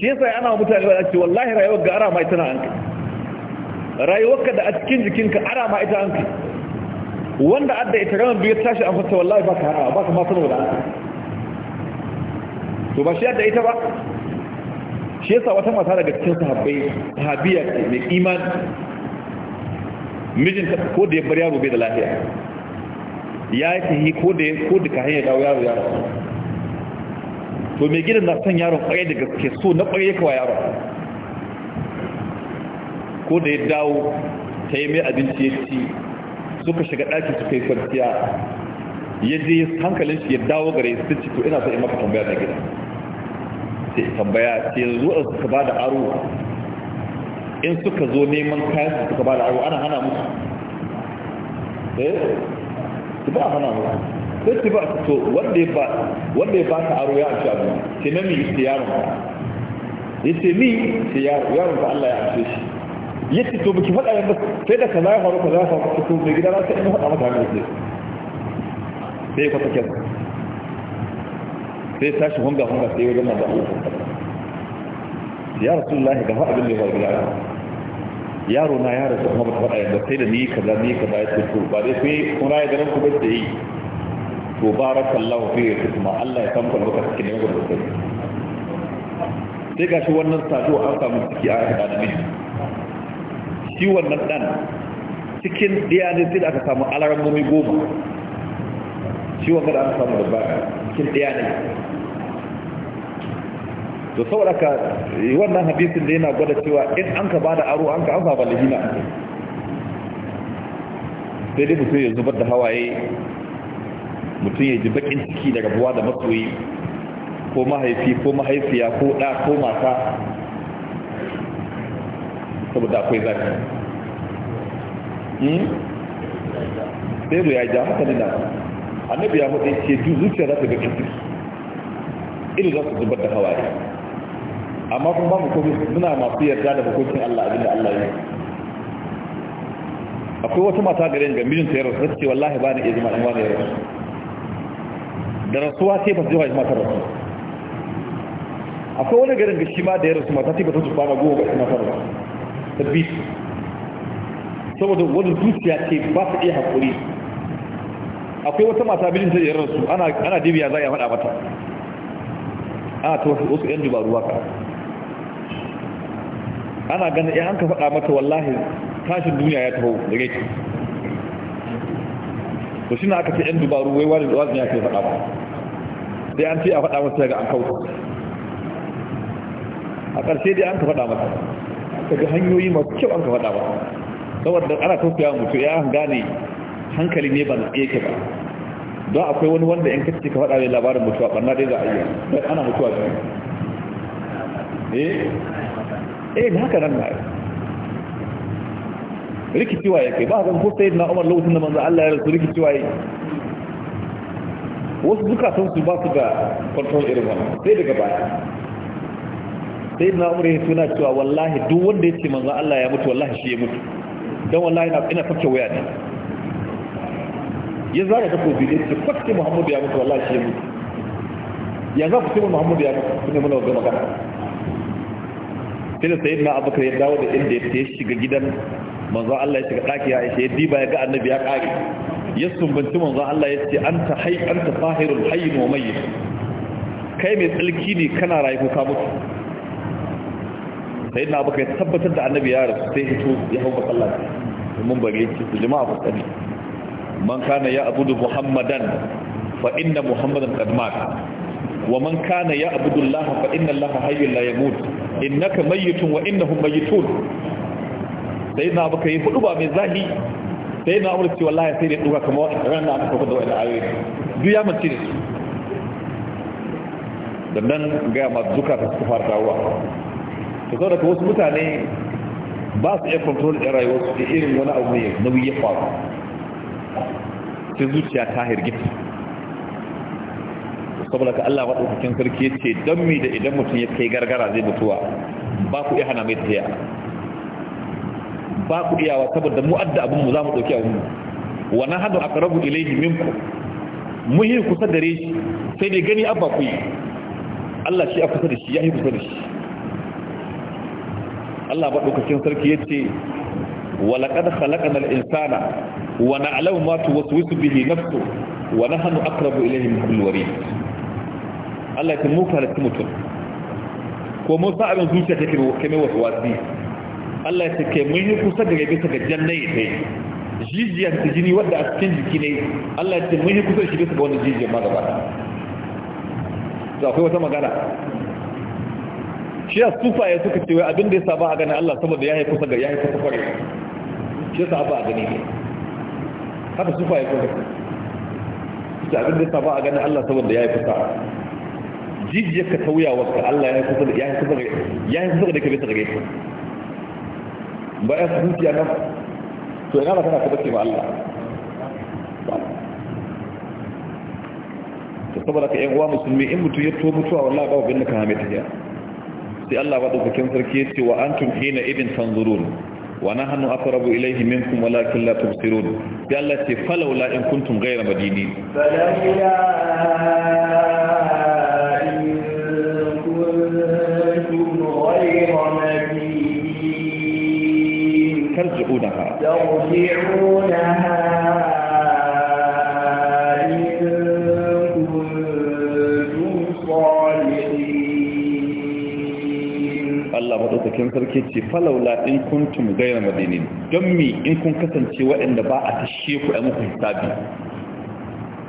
shi yasa ana mutane ba ake wallahi rayuwar ga arama ita na an rayuwar ka da a cikin jikinka arama ita an kai wanda adda ita gama biyar tashi an fata wallahi ba ka hanawa ba ka masu nuna an to ba shi adda ita ba shi yasa wata mata daga cikin sahabbai sahabiya ce mai imani mijinta ko da ya bar yaro bai da lafiya ya yi tahi ko da ko da ka hanyar dawo yaro yaro to mai gidan na san yaron kwaye da gaske so na kwaye kawai yaron ko da ya dawo ta yi mai abinci ya ci suka shiga ɗaki suka yi kwanciya ya je hankalin shi ya dawo gare su ciki to ina so in maka tambaya na gida sai su tambaya sai yanzu suka ba da aro in suka zo neman kayan su suka ba da aro ana hana musu eh su ba hana musu sai su ba to wanda ya ba wanda aro ya amshi abu sai na mi sai yaron ba, ya ce mi sai yaron yaron Allah ya amshe shi ya ce to baki faɗa yadda sai da za ya faru za ya faru to mai gida na sai in faɗa maka hannun sai sai ya kwata kyansa sai tashi hunga hunga sai wajen manzo Allah ya lahi ga abin da ya faru da yaro na ya rasu kuma ba ta faɗa yadda sai da ni kaza ni kaza ya ce to ba dai sai kun ya ganin kuma da yi to barakallahu fi kuma Allah ya san ku albarka cikin ne gurbin sai sai gashi wannan sato an samu ciki a aka da miji shi wannan dan cikin ɗaya ne sai da aka samu alaran goma Ciwon gada aka samu da baya cikin ɗaya ne to saboda ka wannan hadisin da yana gwada cewa in an ka bada aro an ka an saba lahina sai dai mutum ya zubar da hawaye mutum ya ji bakin ciki daga buwa da masoyi ko mahaifi ko mahaifiya ko ɗa ko mata saboda akwai zafi hmm? sai zo ya ja haka nuna annabi ya mutu ce zuciya za ta bakin ciki ilu za su zubar da hawaye amma kuma ba mu komai suna masu yarda da hukuncin Allah abin da Allah ya yi akwai wata mata gare ga mijin ta yarar sace wallahi ba ni iya zama in wani yarar da rasuwa ce ba su jiwa mata rasu akwai wani garin gashi ma da ya su mata ce ba ta su fara goma ba su mata rasu ta bi saboda wani zuciya ce ba ta iya haƙuri akwai wata mata mijin ta yarar su ana dibiya za a yi faɗa mata ana ta wasu yan dubaru haka ana ganin in eh, an ka faɗa mata wallahi tashin duniya ya taho da gaiti to shi na aka ce 'yan dubaru wai wani wazin ya ce faɗa ba sai an ce a faɗa masa ga an kawo a ƙarshe dai an ka faɗa ta daga hanyoyi masu kyau an ka faɗa ba saboda ana tafiya mutu ya gane hankali ne ba na tsaye ba don akwai wani wanda in kace ka faɗa mai labarin mutuwa ɓanna dai za a yi ana mutuwa ne eh eh da haka nan na rikicewa ya kai ba zan ko Sayyidina umar lokacin da manzo Allah ya rasu rikicewa ya wasu zukatan su ba su da control irin wannan sai daga baya Sayyidina umar ya tuna cewa wallahi duk wanda ya ce manzo Allah ya mutu wallahi shi ya mutu dan wallahi na ina fakke waya ne ya zaga ta kofi ya fakke Muhammadu ya mutu wallahi shi ya mutu ya ga ku ce Muhammadu ya mutu kuma muna ga magana sai da sayyid na abubakar ya dawo da inda ya shiga gidan manzo Allah ya shiga ɗaki ya ishe ya diba ya ga annabi ya ƙare ya sumbanci manzo Allah ya ce anta hay anta tahirul hayy wa mayyit kai mai tsalki ne kana rayu ka mutu sayyid na abubakar ya tabbatar da annabi ya rasu sai hito ya hau masallah mun bare ki su jama'a ku sani man kana ya abudu muhammadan fa inna muhammadan qad mat wa man kana ya abudu allah fa inna allah hayyul la yamut innaka mayyitun wa innahum mayyitun sai na baka yi hudu ba mai zahi sai na amurci wallahi sai dai duka kamar ranar aka kafa da wani ayoyi duk ya mace da su da nan gaya masu duka ta su fara dawowa ta sau daga wasu mutane ba su iya kontrol ɗin rayuwarsu da irin wani abu mai nauyi ya faru sai zuciya ta hirgita saboda ka Allah maɗaukakin sarki ya ce don mi da idan mutum ya kai gargara zai mutuwa ba ku iya hana mai tafiya ba ku iyawa saboda mu adda abin mu za mu ɗauki abin mu wa na hadu aqrabu ilayhi minkum muhi kusa gare shi sai dai gani abba ku yi Allah shi a kusa da shi ya yi kusa da shi Allah maɗaukakin sarki ya ce Allah ya mu halitta mutum ko mun sa abin zuciya take kame wasu wasi Allah ya take mun yi kusa da gabe ta gajen nai ta jijiyar ta jini wadda a cikin jiki ne Allah ya take mun yi kusa da shi bisa ga wani jijiyar ma gaba to akwai wata magana shi ya ya suka ce wai abin da ya saba a ganin Allah saboda ya yi kusa ga ya yi kusa kwarai shi ya saba a gani ne haka ya kusa ce abin da ya saba a ganin Allah saboda ya yi kusa jijiyar ka ta wuyawarka Allah ya yi kusa da ya kusa da ka bisa gare ka ba ya su zuciya nan to ina ba kana ta bace ba Allah ta saboda ka yan uwa musulmi in mutum ya to mutuwa wallahi babu bin ka hame ta ya sai Allah ba dokokin sarki ya ce wa an antum na ibin tanzurun wa na hannu rabu ilaihi min minkum walakin la tubsirun sai Allah ce falawla in kuntum ghayra madini falawla madaukakin sarki ce falaula in kuntum gairar madinin don mi in kun kasance waɗanda ba a tashe ku a muku hisabi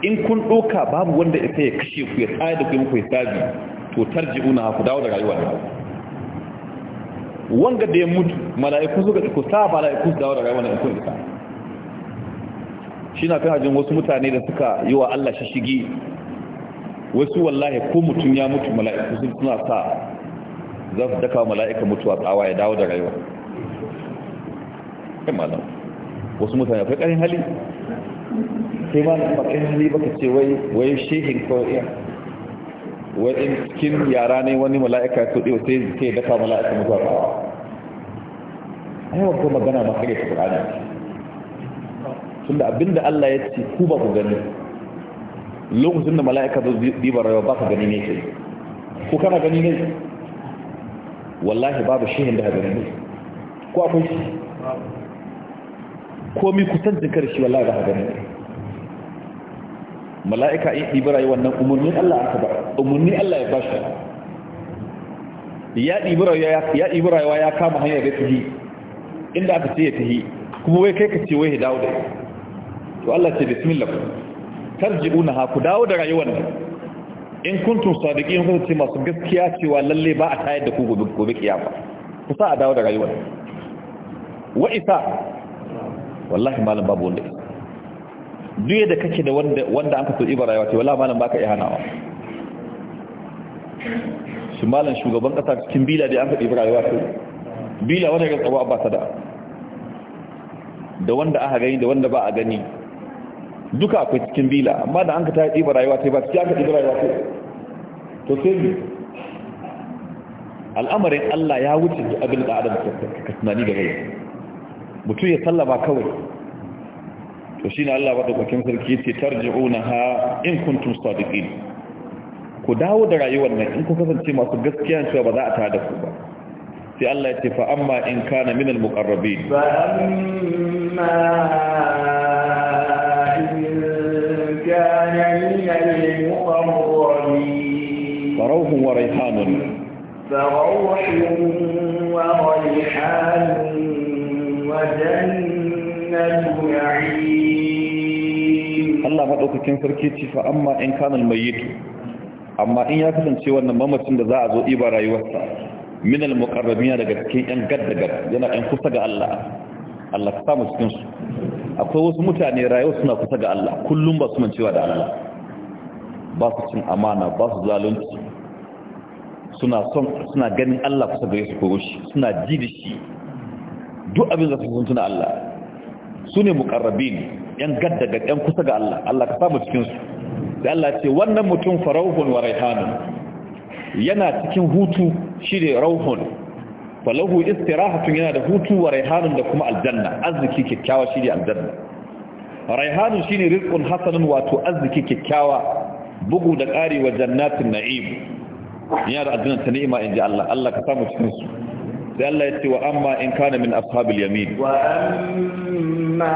in kun ɗoka babu wanda isa ya kashe ku ya tsaya da ku hisabi to tarji'una ku dawo da rayuwa ne wanga da ya mutu mala'iku suka ku sa mala'iku su dawo da rayuwa ne kun isa shi na kan hajjin wasu mutane da suka yi wa Allah shishigi wasu wallahi ko mutum ya mutu mala'iku sun suna sa za su daka mala'ika mutuwa tsawa ya dawo da rayuwa kai malam wasu mutane akwai ƙarin hali sai ma ba ƙarin hali baka ce wai wai shehin kawai wai in cikin yara ne wani mala'ika su ɗiwa sai ke daka mala'ika mutuwa tsawa ai wa kuma magana ba kare Qur'ani tunda abinda Allah ya ce ku ba ku gani lokacin da mala'ika zo diba rayuwa ba ka gani ne kai ko kana gani ne wallahi babu shehin da hagarin ne ko akwai shi mi kusan jikar shi wallahi da hagarin ne mala'ika in ɗibi rayuwar nan umarni Allah aka ba umarni Allah ya ba shi ya ɗibi rayuwa ya kama hanyar da tahi inda aka ce ya tahi kuma wai kai ka ce wai ya dawo da to Allah ce bismillah tarji'una ha ku dawo da rayuwar nan in sadiki in kun ce masu gaskiya cewa lalle ba a tayar da ku gobe gobe kiyama ku sa a dawo da rayuwar wa isa wallahi malam babu wanda duye da kake da wanda wanda an so ibar rayuwa ce wallahi malam baka hanawa. shi malam shugaban kasa cikin bila da an kaso ibar rayuwa ce bila wanda ga tsaba abba sada da wanda aka gani da wanda ba a gani duka akwai cikin bila amma da an ka ta yi ɗiba rayuwa sai ba cikin aka ɗiba rayuwa sai. to sai bi, al'amarin Allah ya wuce da abin da adam ka tunani ga rai mutum ya sallama kawai to shi ne Allah ba da kwakin sarki ce tarji'una ha in kuntum sadiqin ku dawo da rayuwar nan in ku kasance masu gaskiya cewa ba za a tada ku ba sai Allah ya ce fa amma in kana minal muqarrabin fa amma كان من المقربين فروح وريحان فروح وريحان وجنة نعيم الله مدوكتين فركيتي فأما إن كان الميت amma in ya kasance wannan mamacin da za a zo iba rayuwarsa min al-muqarrabin daga cikin yan gaddagar yana yan kusa ga Allah Allah ka samu cikin su akwai wasu mutane rayuwa suna kusa ga Allah kullum ba su mancewa da Allah ba su cin amana ba su zalunci suna son suna ganin Allah kusa ga su ko shi suna ji da shi duk abin da sun tuna Allah su ne muqarrabin yan ga yan kusa ga Allah Allah ka samu cikin su da Allah ce wannan mutum farauhun wa raihanun yana cikin hutu shi ne rauhun falahu istirahatun yana da hutu wa raihanun da kuma aljanna arziki kyakkyawa shi ne aljanna raihanun shi ne hasanun wato arziki kyakkyawa bugu da ƙari wa jannatin na'im yana da aljanna ta ni'ima in ji Allah Allah ka samu cikin su sai Allah ya ce wa amma in kana min ashabil yamin wa amma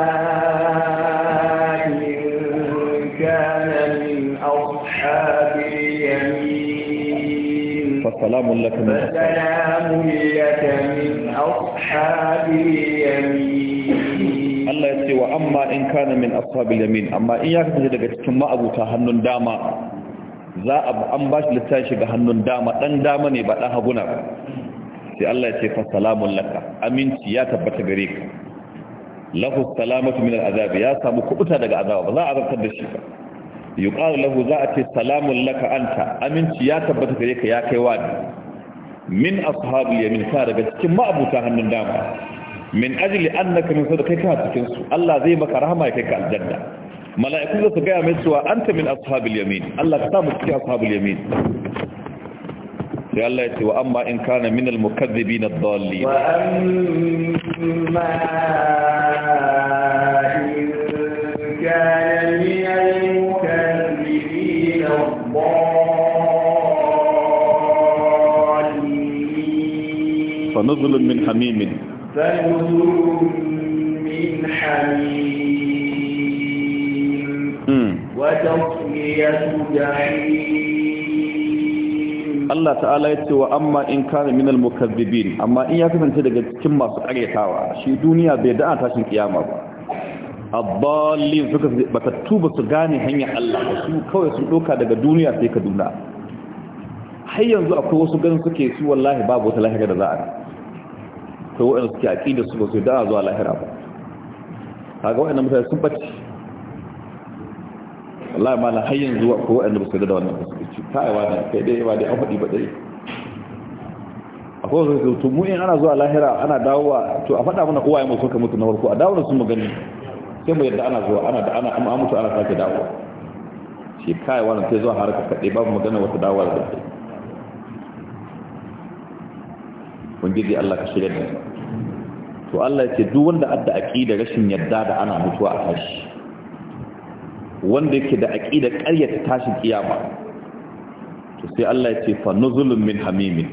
فسلام لك من فسلام لك من أصحاب اليمين الله يسي وأما إن كان من أصحاب اليمين أما إن يكفي لك كما أبو تهنن داما za a an bashi littafin shiga hannun dama dan dama ne ba dan haguna sai Allah ya ce fa salamun laka aminci ya tabbata gare ka lahu salamatu min al'azab ya samu kubuta daga azaba ba za a azabtar da shi ba yuqalu lahu za a ce salamun laka anta aminci ya tabbata gare ka ya kai wani min ashabul yamin ka daga cikin ma'abuta hannun dama min ajli annaka min sadaka ka cikin su Allah zai maka rahama ya kai ka aljanna mala'iku za su ga mai cewa anta min ashabul yamin Allah ka samu cikin ashabul yamin sai Allah ya ce wa amma in kana min al mukaththibin ad-dallin wa amma ونزل من حميم Allah ta'ala ya ce wa amma in kana min al-mukazzibin amma in ya kasance daga cikin masu karyatawa shi duniya bai da'a tashin kiyama ba abbalin suka baka tuba su gane hanyar Allah su kawai sun doka daga duniya sai ka duna har yanzu akwai wasu ganin suke su wallahi babu wata lahira da za a akwai waɗanda yaƙi da su ba su da zuwa lahira ba kaga waɗannan mutane sun bace Allah ma har yanzu ko waɗanda ba su da wannan ba su ci tayawa ne kai dai yawa dai an faɗi ba dai akwai wasu to mu in ana zuwa lahira ana dawowa to a faɗa mana ya mu suka mutu na farko a dawo da su magani sai mu yadda ana zuwa ana da ana an mutu ana sake dawo shi kai wannan sai zuwa harka kaɗai babu magana wata dawowa da kai ubangiji Allah ka shirya da to Allah ce duk wanda adda aqida rashin yadda da ana mutuwa a tashi wanda yake da aqida ƙaryata tashi kiyama to sai Allah ya ce fa nuzulun min hamimin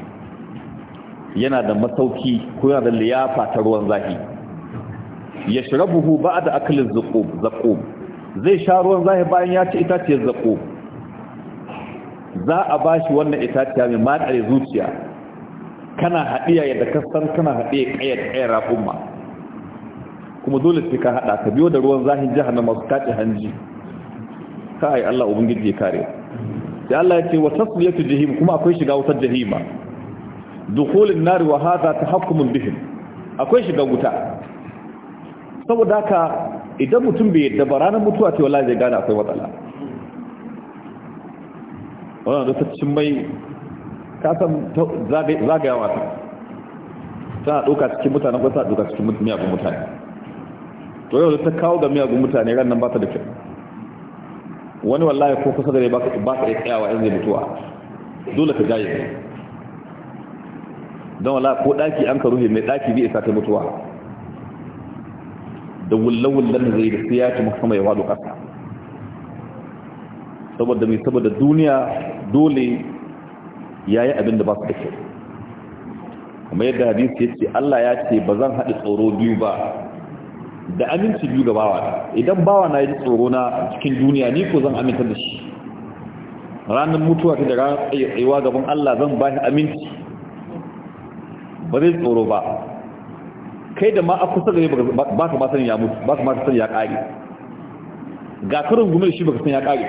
yana da masauki ko yana da liyafa ta ruwan zafi yashrabuhu ba'da akli zaqub zaqub zai sha ruwan zafi bayan ya ci itaciyar zaqub za a bashi wannan itaciya mai matsare zuciya kana haɗiya yadda kasar kana haɗiya ƙayar ƙayar rafin kuma dole sai ka haɗa ka biyo da ruwan zahin na masu kaɗe hanji ka yi Allah ubangiji ya kare sai Allah ya ce wa tasmiyatu jahim kuma akwai shiga wutar jahima dukhulun nar wa hadha tahakkumun bihim akwai shiga wuta saboda ka idan mutum bai yadda ba ranar mutuwa ce wallahi zai gane akwai matsala wannan da ta cin mai ka san zagaya wata tana ɗauka cikin mutane ko tana ɗauka cikin miyagun mutane to yau ta kawo ga miyagun mutane ran nan ba ta da kyau wani wallahi ko kusa da ne ba ka iya tsayawa yanzu zai mutuwa dole ka jaye don wallahi ko ɗaki an ka ruhe mai ɗaki bai isa ta mutuwa da wullawullan da zai da sai ya ci maka sama ya wado ƙasa saboda mai saboda duniya dole ya yi abin da ba su da kyau kuma yadda hadisi ya ce Allah ya ce ba zan haɗi tsoro biyu ba da aminci biyu ga bawa idan bawa na yi tsoro na cikin duniya ni ko zan aminta da shi ranar mutuwa ta da ranar tsayuwa gaban Allah zan ba shi aminci ba zai tsoro ba kai da ma a kusa gari ba ka masan ya mutu ba ka ma sani ya ƙari ga karin gumi da shi ba ka san ya ƙari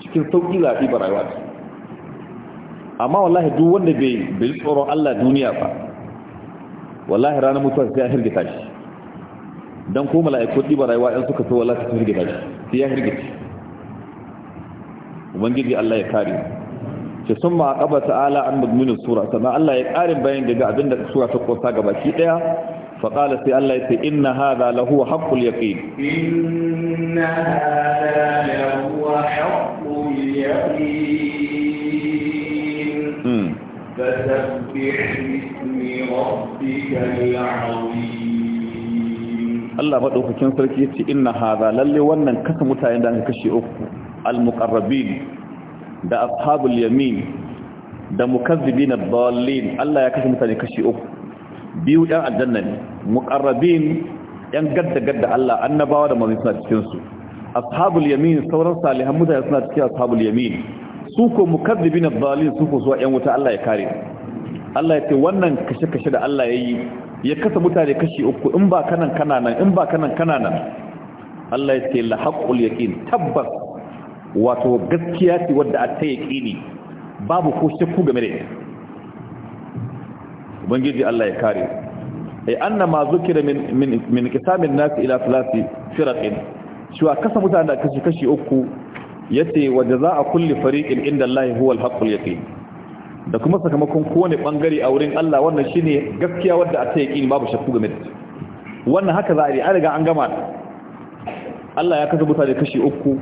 cikin sauƙi zafi ba rayuwa ce amma wallahi duk wanda bai bai tsoron Allah duniya ba wallahi ranar mutuwa sai ya hirgita shi dan ko mala'iku diba rayuwa ɗan suka so wallahi sai hirgita shi sai ya hirgita ubangiji Allah ya kare ce sun ma aqaba ta'ala an mudminu sura sannan Allah ya karin bayan daga abinda sura ta kosa gabaki daya fa qala sai Allah ya ce inna hadha lahu haqqul yaqin inna hadha lahu haqqul yaqin فسبح باسم ربك العظيم الله مدوكين سركي yace inna hadha lalle wannan kasa mutayen da aka kashe uku al almuqarrabin da ashabul yamin da mukazzibin ad-dallin Allah ya kashe mutane kashe uku biyu ɗan aljanna ne muqarrabin ɗan gadda gadda Allah annabawa da manzon suna cikin su ashabul yamin sauran salihan mutane suna cikin ashabul yamin su ko mukazzibin adh su ko zuwa yan wuta Allah ya kare Allah ya ce wannan kashe-kashe da Allah ya yi ya kasa mutane kashi uku in ba kanan kananan in ba kanan kananan Allah ya ce la haqqul yaqin tabbas wato gaskiya ce wadda a ta yaqini babu ko shakku game da ita ubangiji Allah ya kare ai annama zukira min min min kisamin nas ila thalathi firaqin shi wa kasa mutane kashi kashi uku yace wa jazaa kulli fariqin inda Allah huwa al-haqqul yaqin da kuma sakamakon kowane bangare a wurin Allah wannan shine gaskiya wadda a ta yaqini babu shakku game da wannan haka za a yi an riga an gama Allah ya kasa mutane kashi uku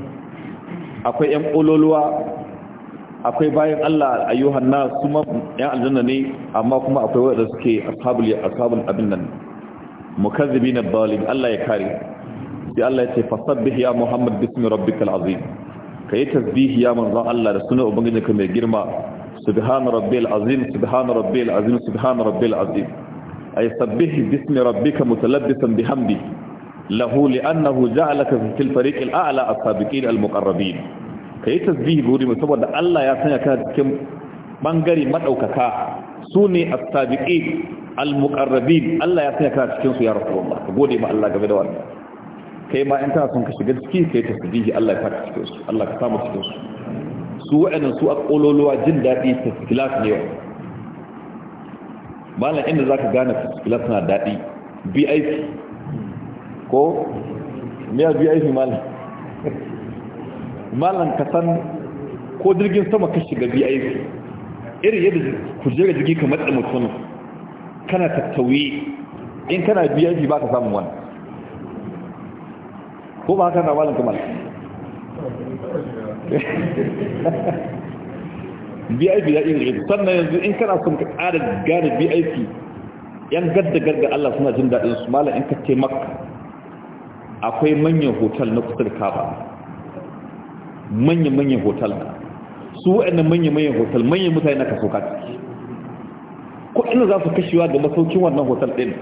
akwai yan ƙololuwa akwai bayan Allah ayyuhan nas kuma yan aljanna ne amma kuma akwai wanda suke ashabul ashabul abin nan mukazzibina dalim Allah ya kare sai Allah ya ce fasabbih ya Muhammad bismi rabbikal azim ka yi tasbihi ya manzon Allah da sunan ubangijinka mai girma subhana rabbil azim subhana rabbil azim subhana rabbil azim ay sabbih bismi rabbika mutalabbisan bihamdi lahu li'annahu ja'alaka fi til fariqil a'la as-sabiqin al-muqarrabin kai tasbihi guri mu saboda Allah ya sanya ka cikin bangare madaukaka sune as-sabiqin al-muqarrabin Allah ya sanya ka cikin su ya rasulullah gode ma Allah game da wannan kai ma in tana son ka shiga ciki kai biyu, Allah ya saka cikin su Allah ka samu cikin su su wa'annan su a kololuwa jin daɗi filas ne wa malam inda za ka gane filas na daɗi BIP ko me BIP malam malam ka san ko jirgin sama ka shiga BIP irin yadda ku jira jirgi kamar da mutum kana tattawi in kana BIP ba ka samu wani ko ba haka na malam kamar bip ya iya rikin sannan yanzu in kana sun ka ƙara gane bip yan gadda gadda allah suna jin daɗin su malam in ka ce akwai manyan hotel na kusur kaba manyan-manyan hotel na su waɗannan manyan-manyan hotel manyan mutane na kaso ciki ko ina za su kashewa da masaukin wannan hotel ɗin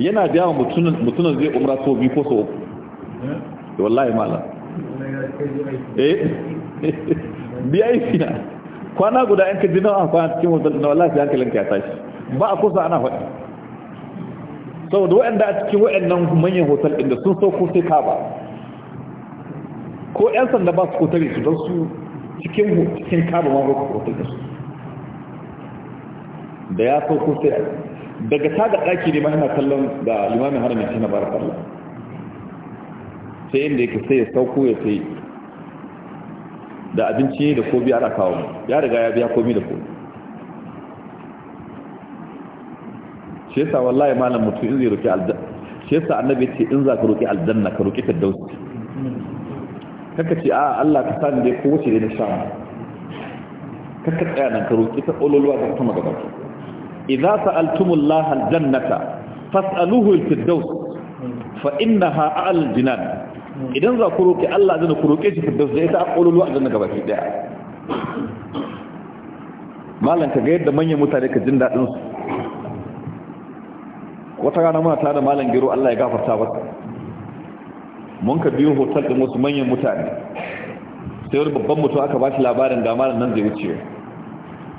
yana biya wa mutunan zai umra so biyu ko so uku wallahi malam eh bi aiki na kwana guda yanka jina a kwana cikin hotel na wallahi lanka ya tashi ba a kusa ana faɗi saboda waɗanda a cikin waɗannan manyan hotel inda sun sun ko sai kaba ko 'yan sanda ba su kotare su don su cikin cikin kaba ma ko hotel da su da ya ko sai daga ta ga ɗaki ne ma yana kallon da limamin haramin shi na barakar Allah ta yadda yake sai ya sauko ya sai da abinci da kobi ana kawo mu ya riga ya biya komi da komi shi yasa wallahi malam mutum in zai roƙi aljanna shi yasa annabi ce in za ka roƙi aljanna ka roki firdausi kaka ce a Allah ka sani dai kowace wace da na sha kaka tsaya nan ka roƙi ta ololuwa da kuma gaba idza sa'altumullaha aljannata fas'aluhu alfirdaus fa innaha a'al jinan idan za ku roƙe Allah zai ku roƙe shi firdaus zai ta a ƙololuwa a janna gabaki ɗaya. malam ka ga yadda manyan mutane ka jin daɗinsu. su wata rana muna tare da malam gero Allah ya gafarta ba mun ka biyo hotel ɗin wasu manyan mutane sai wani babban mutum aka ba shi labarin ga malam nan zai wuce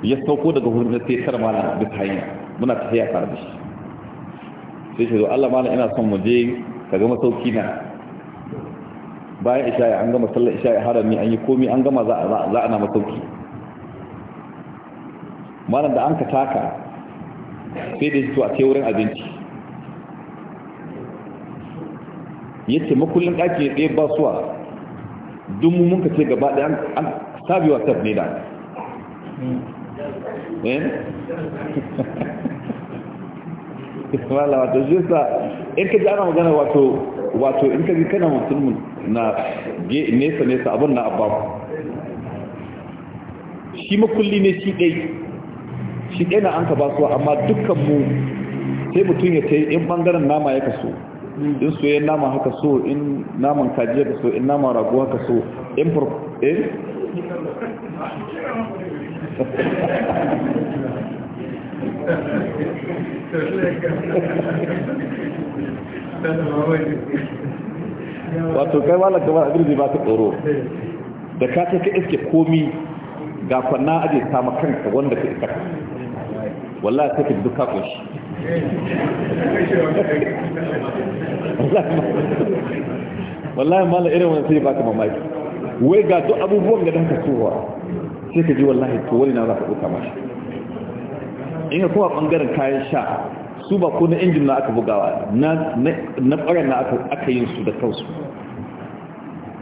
ya sauko daga hurin sai tar malam duk hanya muna tafiya tare da shi sai shi zo Allah malam ina son mu je ka ga masauki na bayan isha'i an gama sallar isha'i ne an yi komi an gama za a na masauki malam da an ka taka sai da a ce wurin abinci ya ce makullin ɗaki ya ɗaya ba suwa dun mun ka ce gaba ɗaya an sabiwa sab ne da wala eh? wato shi sa in ka ji ana magana wato wato in ka ji kana mutum na nesa nesa abin na abaku shi makulli ne shi ɗai shi ɗai na an ka su amma mu sai mutum ya ta yi in ɓangaren nama ya kaso in soyayyen nama haka so in naman kaji ya so in naman rago haka so in you. wato kai wala gaba abin ba baka tsoro da ka ta iske komi ga kwanna aje ta kanka wanda ka isa wallahi sai ka duka ko shi wallahi mala irin wannan sai ba ka mamaki wai ga duk abubuwan da ka tsowa sai ka ji wallahi to wani na za ka duka mashi in ka kowa bangaren kayan sha su ba ko na injin na aka bugawa na ɓaran na aka yin su da kansu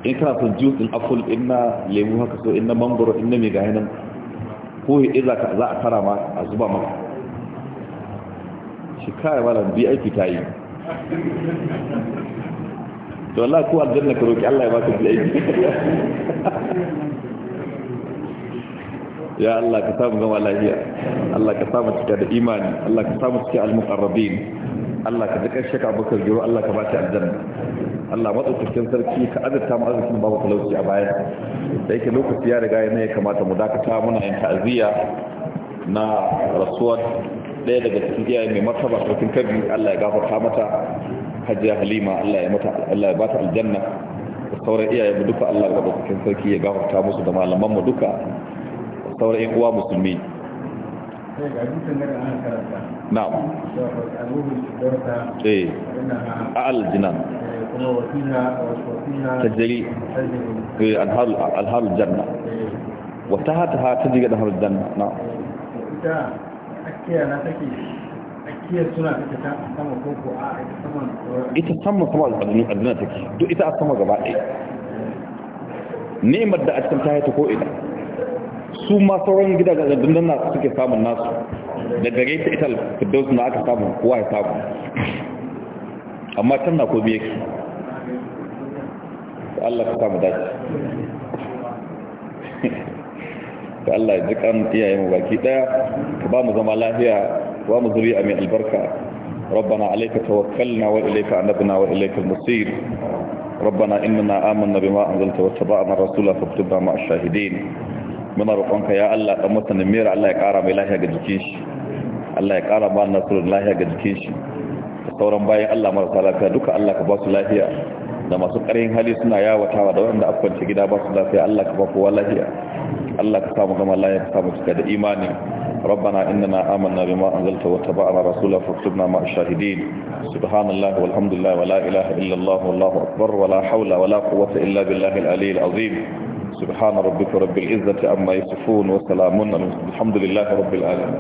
in kana so juice in apple in na lemu haka so in na mangoro in na mai gaya nan ko ya za ka za a tara ma a zuba ma. shi kare malam bi aiki ta yi to Allah ko aljanna ka roƙi Allah ya baka bi aiki ya Allah ka samu zama lafiya Allah ka samu cika da imani Allah ka samu cika al-muqarrabin Allah ka duka shaka bakar jiro Allah ka ba ta aljanna Allah matsa matsaukakin sarki ka azurta mu arzikin babu talauci a baya da yake lokaci ya riga yana ya kamata mu dakata muna yin ta'aziyya na rasuwar ɗaya daga cikin iyaye mai martaba sarkin kabi Allah ya gafarta mata hajiya halima Allah ya mata Allah ya bata aljanna da sauran iyaye mu duka Allah ya gafarta sarki ya gafarta musu da malaman mu duka sauran yan uwa musulmi na'am eh a'al jinan tajri eh anhar janna ita akiya na take suna take ta sama koko a sama ita sama sama take duk ita a sama gaba ɗaya ni'imar da a cikin ta ko ina su ma sauran gida ga dandan nasu suke samun nasu da gare ta ita firdausu na aka samu kowa ya samu amma can na komi yake Allah ka samu daji, ka Allah ya jikan iyayen baki daya ka ba mu zama lafiya ba mu zuri a mai albarka ربنا عليك توكلنا وإليك أنبنا وإليك المصير ربنا إننا آمنا بما أنزلت واتبعنا الرسول فاكتبنا مع الشاهدين muna roƙonka ya Allah ɗan masanin mera Allah ya ƙara mai lahiya ga jikin shi Allah ya ƙara ba nasarar lahiya ga jikin shi da sauran bayan Allah marasa lafiya duka Allah ka ba su lafiya da masu ƙarin hali suna yawatawa da waɗanda akwance gida ba su lafiya Allah ka ba kowa lafiya Allah ka samu gama lahiya ka samu cika da imani ربنا إننا آمنا بما أنزلت واتبعنا رسولا فاكتبنا مع الشاهدين سبحان الله والحمد لله ولا إله إلا الله والله أكبر ولا حول ولا قوة إلا بالله العلي العظيم سبحان ربك رب العزة عما يصفون وسلام الحمد لله رب العالمين